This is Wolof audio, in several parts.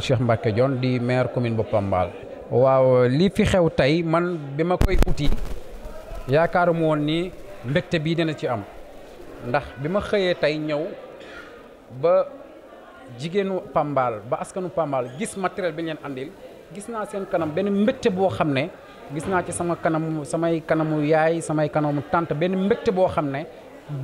Cheikh Mbacke Dione di maire commune bu waaw li fi xew tey man bi ma koy uti yaakaaruma woon ni mbégte bii dina ci am ndax bi ma xëyee tey ñëw ba jigéenu Pambal ba askanu Pambal gis matériel bi leen andil gis naa seen kanam benn mbégte boo xam ne gis naa ci sama kanamu samay kanamu yaay samay kanamu tante benn mbégte boo xam ne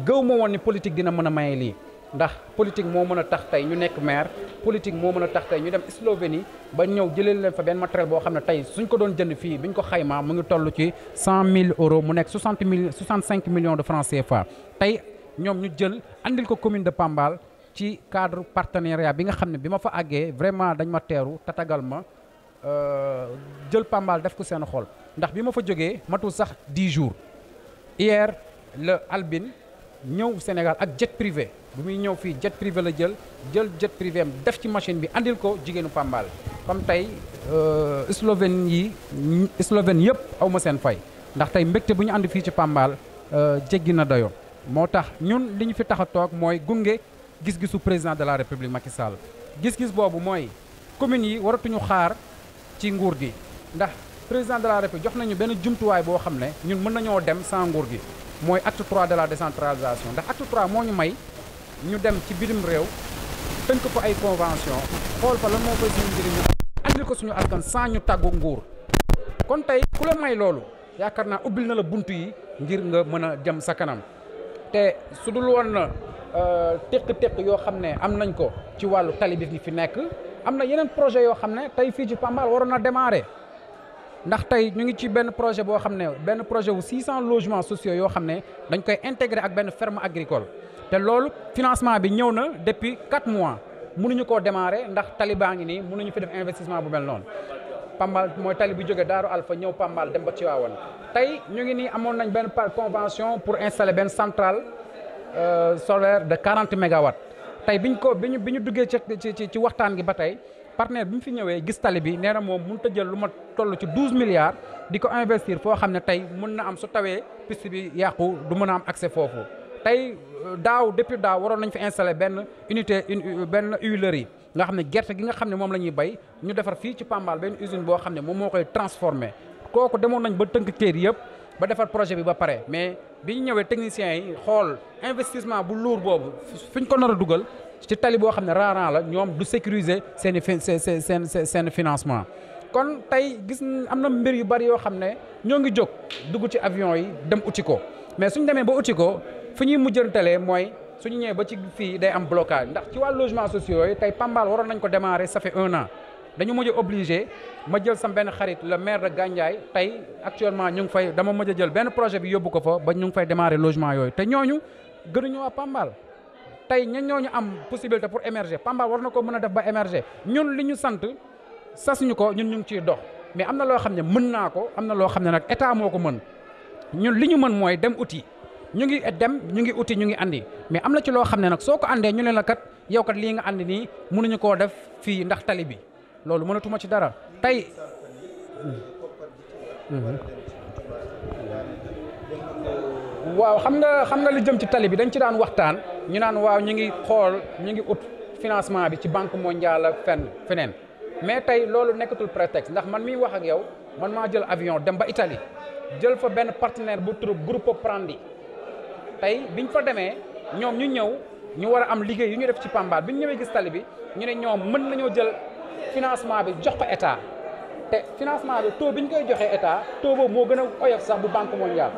gëw ma woon ni politique dina mën a maye lii. ndax politique moo mën a tax tey ñu nekk maire politique moo mën a tax tey ñu dem sloveni ba ñëw jëlee leen fa benn matériel boo xam ne tey suñ ko doon jënd fii bi ñu ko xaymaa mu ngi tollu ci cent mille euros mu nekk soixante mille soixante cinq millions de francs CFA. tey ñoom ñu jël indil ko commune de Pambal ci cadre partenariat bi nga xam ne bi ma fa àggee vraiment dañ ma teeru tatagal ma euh, jël Pambal def ko seen xol ndax bi ma fa jógee matul sax dix jours hier le Albin ñëw Sénégal ak jet bu muy ñëw fii jet privé la jël jël jet privé def ci machine bi andil ko jigéenu Pambal comme tey euh, Slovène yi Slovène yëpp aw ma seen fay ndax tey mbégte bu ñu ànd fii ci Pambal euh, jéggi na dayo moo tax ñun li ñu fi tax a toog mooy gunge gis-gisu président de la république Macky gis-gis boobu mooy communes yi waratuñu xaar ci nguur gi ndax président de la république jox nañu benn jumtuwaay boo xam ne ñun mën nañoo dem sans nguur gi mooy acte 3 de la décentralisation ndax acte moo ñu may. ñu dem ci bitim réew tënk ko ay convention xool fa lan moo koy suñu njëriñu andil ko suñu askan saa ñu tàggu nguur kon tey ku la may loolu yaakaar naa ubbil na la bunt yi ngir nga mën a jëm sa kanam te su dul woon na euh, téq-téq yoo xam ne am nañ ko ci wàllu tali bi fi nekk am na yeneen projet yoo xam ne tey fii ci Pambal waroon na démarrer ndax tey ñu ngi ci benn projet boo xam ne benn projet wu 600 logements sociaux yoo xam ne dañ koy intégrer ak benn ferme agricole te loolu financement bi ñëw na depuis 4 mois mënuñu koo démarrer ndax tali baa ngi nii mënuñu fi def investissement bu mel noonu. Pambal mooy tali bi jóge Daaru Alpha ñëw Pambal dem ba ci Tivaouane tey ñu ngi nii amoon nañ benn par convention pour installer benn centrale euh, solaire de 40 mégawatts tey biñ ko bi ñu bi ñu duggee ci ci waxtaan gi ba tey. partenaire bi mu fi ñëwee gis tali bi nee na moom mënut a jël lu ma toll ci douze milliards di ko investir foo xam ne tey mën na am su tawee piste bi yàqu du mën a am accès foofu tey euh, daaw depuis daaw waroon nañ fi installé benn unité euh, benn yi nga xam ne gerte gi nga xam ne moom la ñuy bay ñu defar fii ci Pambal benn usine boo xam ne moom moo koy transformé kooku demoon nañ ba tënk kër yëpp ba defar projet bi ba pare mais bi ñu ñëwee techniciens yi xool investissement bu lourd boobu fi ñu ko nar a dugal ci tali boo xam ne raarant la ñoom du sécuriser seen i seen seen financement. kon tey gis am na mbir yu bari yoo xam ne ñoo ngi jóg dugg ci avion yi dem uti ko mais suñ demee ba ko fu ñuy mujjantalee mooy suñu ñëwee ba ci fii day am blocage ndax ci wàllu logement sociaux yooyu tey Pambal waroon nañ ko démarrer ça un an dañu mujj obligé ma jël sam benn xarit la maire de Gandiaye tey actuellement ñu ngi fay dama mujj a jël benn projet bi yóbbu ko fa ba ñu ngi fay démarrer logement yooyu te ñooñu gënuñu waa Pambal tey ñan ñu am possibilité pour émerger Pambal war na ko mën a def ba émerger ñun li ñu sant sasuñu ko ñun ñu ngi ciy dox mais am na loo xam ne mën naa ko am na loo xam ne nag état moo ko mën ñun li ñu mën mooy dem outil ñu ngi dem ñu ngi uti ñu ngi àndi mais am na ci loo xam ne nag soo ko andee ñu ne la kat yow kat lii nga andi nii mënuñu koo def fii ndax tali bi loolu mënatuma ci dara tey. Mm-hmm. waaw xam nga xam nga li jëm ci tali bi dañ ci daan waxtaan ñu naan waaw ñu ngi xool ñu ngi ut financement bi ci banque mondiale ak fenn feneen mais tey loolu nekkatul prétexte ndax man miy wax ak yow man maa jël avion dem ba itali jël fa benn partenaire bu tudd Gruppo Prandi tey bi ñu fa demee ñoom ñu ñëw ñu war a am liggéey yu ñu def ci Pambaat bi ñu ñëwee gis tali bi ñu ne ñoom mën nañoo jël financement bi jox ko état te financement bi taux bi ñu koy joxee état taux boobu moo gën a oyof sax bu banque mondiale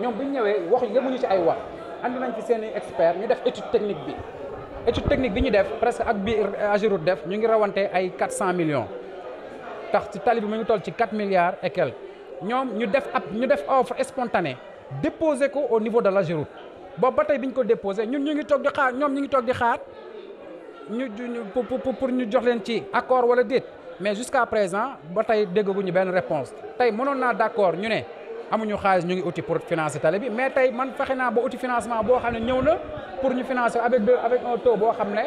ñoom bi ñu ñëwee wax yemuñu ci ay wax andi nañ ci seen i expert ñu def étude technique bi étude technique bi ñu def presque ak bi Ageroute def ñu ngi rawante ay 400 millions tax ci tali bi mu ngi toll ci 4 milliards et ñoom ñu def ab ñu def offre spontanée déposé ko au niveau de la l'Ageroute boobu ba tey bi ko déposé ñun ñu ngi toog di xaar ñoom ñu ngi toog di xaar ñu pour ñu jox leen ci accord wala déet mais jusqu'à présent ba tey déggaguñu benn réponse tey mënoon naa d'accord ñu ne amuñu xaalis ñu ngi uti pour financer tali bi mais tey man fexe naa ba outil financement boo xam ne ñëw na pour ñu financer avec avec un taux boo xam ne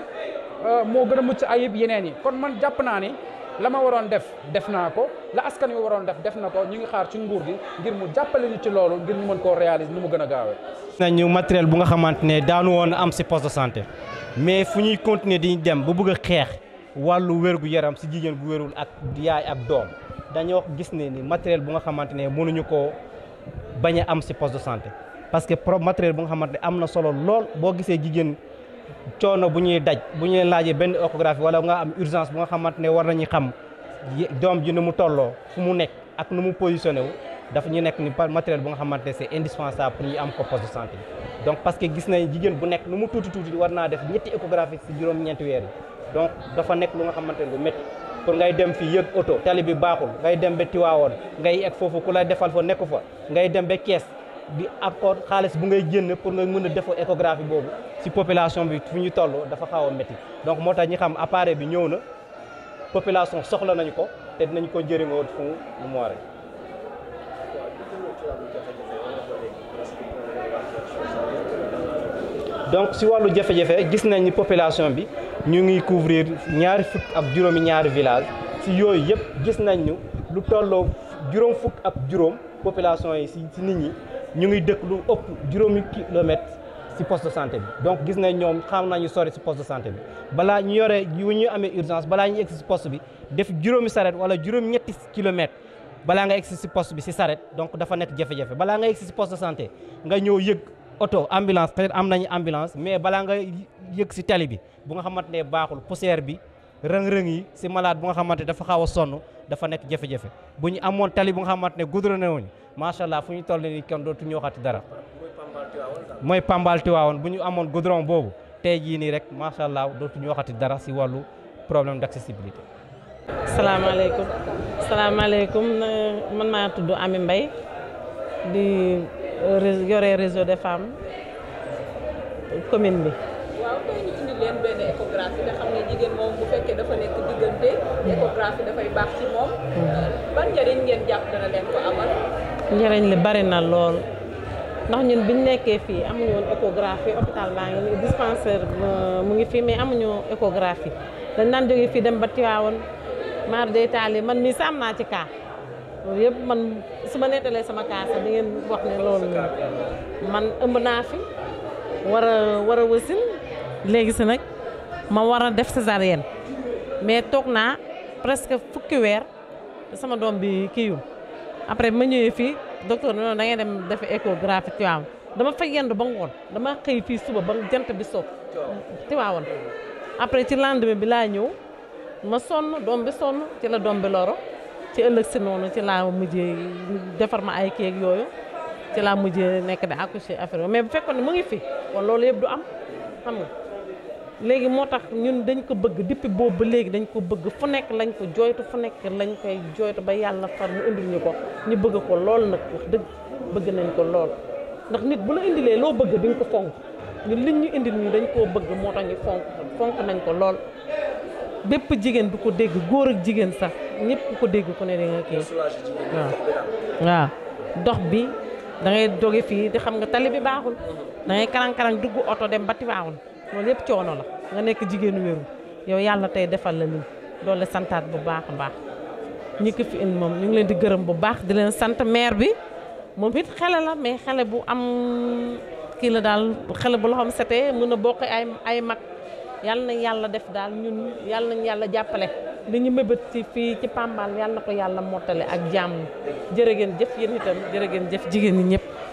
euh, moo gën a mucc ayib yeneen yi kon man jàpp naa ni la ma waroon def def naa ko la askan wi waroon def def na ko ñu ngi xaar ci nguur gi ngir mu jàppale ci loolu ngir ñu mën koo réaliser ni gën a gaawee. nañu matériel bu nga xamante ne daanu woon am si poste de santé mais fu ñuy continuer di dem ba bëgg a xeex wàllu wérgu yaram si jigéen gu wérul ak yaay ak doom dañoo gis ne ni matériel bu nga xamante ne mënuñu koo bañ a am si poste de santé parce que pro matériel bu nga xamante ne am na solo lool boo gisee jigéen. coono bu ñuy daj bu ñu leen laajee benn échographie wala nga am urgence bu nga xamante ne war nañu xam doom ji nu mu tolloo fu mu nekk ak nu mu positionné wu dafa ñu nekk ni matériel bu nga xamante ne c'est indispensable pour ñu am ko poste de santé donc parce que gis nañ jigéen bu nekk nu mu tuuti tuuti war naa def ñetti échographie si juróom-ñeenti weer donc dafa nekk lu nga xamante ne lu met pour ngay dem fii yëg oto tali bi baaxul ngay dem ba Tiwaawoon ngay egg foofu ku defal fa nekk fa ngay dem ba Kees di accord xaalis bu ngay génn pour nga mën a defoo échographie boobu si population bi fu ñu toll dafa xaw a métti donc moo tax ñi xam appareil bi ñëw na population soxla nañu ko te dinañ ko jëriñoo fu mu waree. donc si wàllu jafe gis nañ ni population bi ñu ngi couvrir ñaari fukk ak juróomi ñaari village si yooyu yëpp gis nañ lu tolloo juróom fukk juróom population yi si si nit ñi. ñu ngi dëkk lu ëpp juróomi kilomètres si poste de santé bi donc gis nañ ñoom xam nañu sori si poste de santé bi balaa ñu yore yu ñu amee urgence balaa ñu egg si poste bi def juróomi saret wala juróom ñetti kilomètres balaa nga egg si poste bi si saret donc dafa nekk jafe-jafe balaa nga egg si poste de santé nga ñëw yëg auto ambulance peut am nañu ambulance mais balaa nga yëg si tali bi bu nga xamante ne baaxul poussière bi rëng-rëng yi si malaat bu nga xamante dafa xaw a sonn dafa nekk jafe-jafe bu ñu amoon tali bu nga xamante ne goudronné wuñu macha allah fu ñu toll nii kenn dootu ñu waxati dara mooy Pambal woon bu ñu amoon goudron boobu tey jii nii rek macha allah dootu ñu waxati dara si wàllu problème d'accessibilité. salaamaaleykum salaamaaleykum euh, man maa tudd Ami mbay di euh, yore réseau des femmes commune bi. tey ñu indi leen benn échographie dafa nekk diggante. échographie dafay baax ci moom. Hmm. ban njëriñ ngeen jàpp dana leen ko amal. njëriñ li bari na lool ndax ñun biñ nekkee fii amuñu woon échographie hôpital baa ngi nii dispensaire euh, mu ngi fii mais amuñu échographie dañ daan jógee fii dem ba tiwaawoon maar day taal man mii sa am naa ci cas loolu yëpp man su ma nettalee sama kaasa sax di ngeen wax ne loolu man ëmb naa fi a war a wasin léegi si nag ma war a def césarienne mais toog naa presque fukki weer sama doom bi kiiwul après ma ñëwee fii docteur noonu da ngay dem defi échographie Tiwaawan dama fa yendu ba ngoon dama xëy fii suba ba jant bi soog Tiwaawan après ci lendemain bi laa ñëw ma sonn doom bi sonn ci la doom bi loro ci ëllëg si noonu ci laa mujjee defar ma ay keeg yooyu ci laa mujjee nekk di accoucher affaire mais bu fekkoon ne mu ngi fi kon loolu yépp du am xam nga léegi moo tax ñun dañ ko bëgg depuis boobu ba léegi dañ ko bëgg fu nekk lañ ko jooytu fu nekk lañ koy jooytu ba yàlla far mu indil ñu ko ñu bëgg ko lool nag wax dëgg bëgg nañ ko lool ndax nit bu la indilee loo bëgg di nga ko fonk ñun liñ ñu indil ñu dañ koo bëgg moo tax ñu fonk fonk nañ ko lool bépp jigéen du ko dégg góor ak jigéen sax ñëpp ku ko dégg ku ne da nga kii waaw waaw dox bi da ngay doge fii di xam nga tali bi baaxul da ngay karang-karang dugg oto dem ba Tivaouane loolu yëpp coono la nga nekk jigéenu wéru yow yàlla tey defal la lii loolu la santaat bu baax a baax ñi ko fi moom ñu ngi leen di gërëm bu baax di leen sant meer bi moom it xele la mais xele bu am kii la daal xele bu loxoom setee mën a bokk ay ay mag yàlla nañ yàlla def daal ñun yàlla nañ yàlla jàppale li ñu mébét si fii ci Pambal yàlla na ko yàlla mottale ak jàmm jërë ngeen jëf yéen itam jërë ngeen jëf jigéen ñi ñëpp